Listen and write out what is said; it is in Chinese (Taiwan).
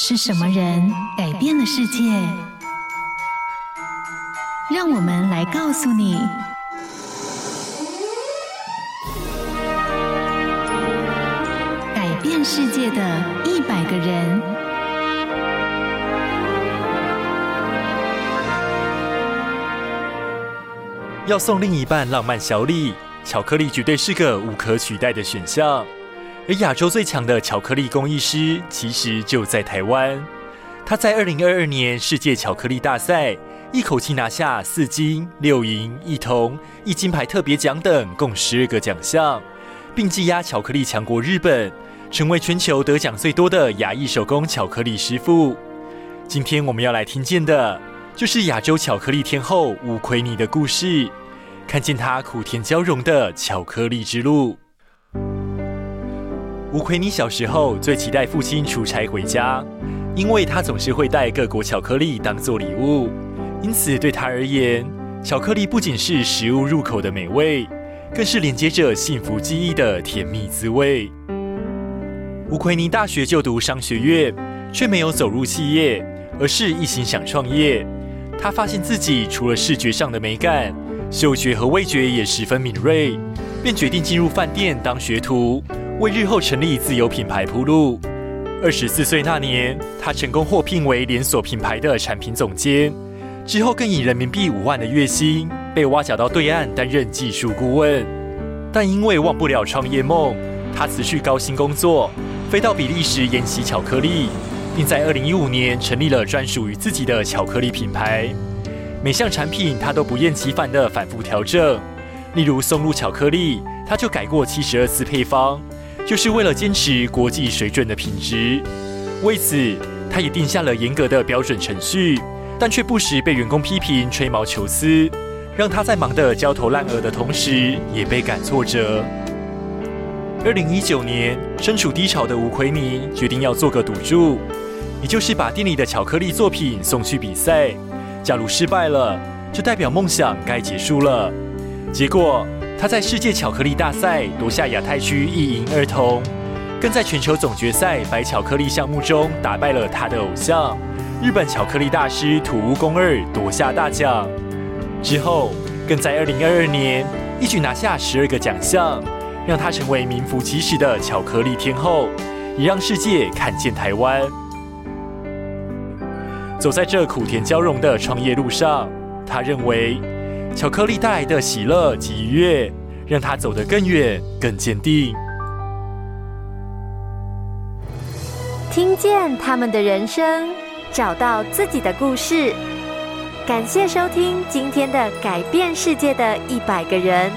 是什麼人改變了世界？讓我們來告訴你：改變世界的一百個人。要送另一半浪漫小禮，巧克力絕對是個無可取代的選項。而亞洲最強的巧克力工藝師，其實就在台灣。她在二零二二年世界巧克力大賽，一口氣拿下四金、六銀、一銅、一金牌特別獎等，共十二個獎項，並技壓巧克力強國日本，成為全球得獎最多的亞裔手工巧克力師傅。今天我們要來聽見的，就是亞洲巧克力天后吳葵妮的故事，看見她苦甜交融的巧克力之路。吳葵妮小時候最期待父親出差回家，因為他總是會帶各國巧克力當做禮物，因此對他而言，巧克力不僅是食物入口的美味，更是連接着幸福記憶的甜蜜滋味。吳葵妮大學就讀商學院，卻沒有走入企業，而是一心想創業。他發現自己除了視覺上的美感，嗅覺和味覺也十分敏銳，便決定進入飯店當學徒。為日後成立自有品牌鋪路。二十四歲那年，他成功獲聘為連鎖品牌的產品總監。之後，更以人民幣五萬的月薪被挖角到對岸擔任技術顧問。但因為忘不了創業夢，他辭去高薪工作，飛到比利時研習巧克力，並在二零一五年成立了專屬於自己的巧克力品牌。每項產品，他都不厭其煩的反覆調整。例如松露巧克力，他就改過七十二次配方。就是為了堅持國際水準的品質，為此他也定下了嚴格的標準程序，但卻不時被員工批評吹毛求疵，讓他在忙得焦頭爛額的同時，也倍感挫折。二零一九年，身處低潮的吳葵妮決定要做個賭注，也就是把店裡的巧克力作品送去比賽，假如失敗了，就代表夢想該結束了。結果。他在世界巧克力大賽奪下亞太區一銀二銅，更在全球總決賽白巧克力項目中打敗了他的偶像日本巧克力大師土屋公二，奪下大獎。之後更在二零二二年一舉拿下十二個獎項，讓他成為名副其實的巧克力天後，也讓世界看見台灣。走在這苦甜交融的創業路上，他認為。巧克力帶來的喜樂及愉悅，讓他走得更遠、更堅定。聽見他們的人生，找到自己的故事。感謝收聽今天的改變世界的一百個人。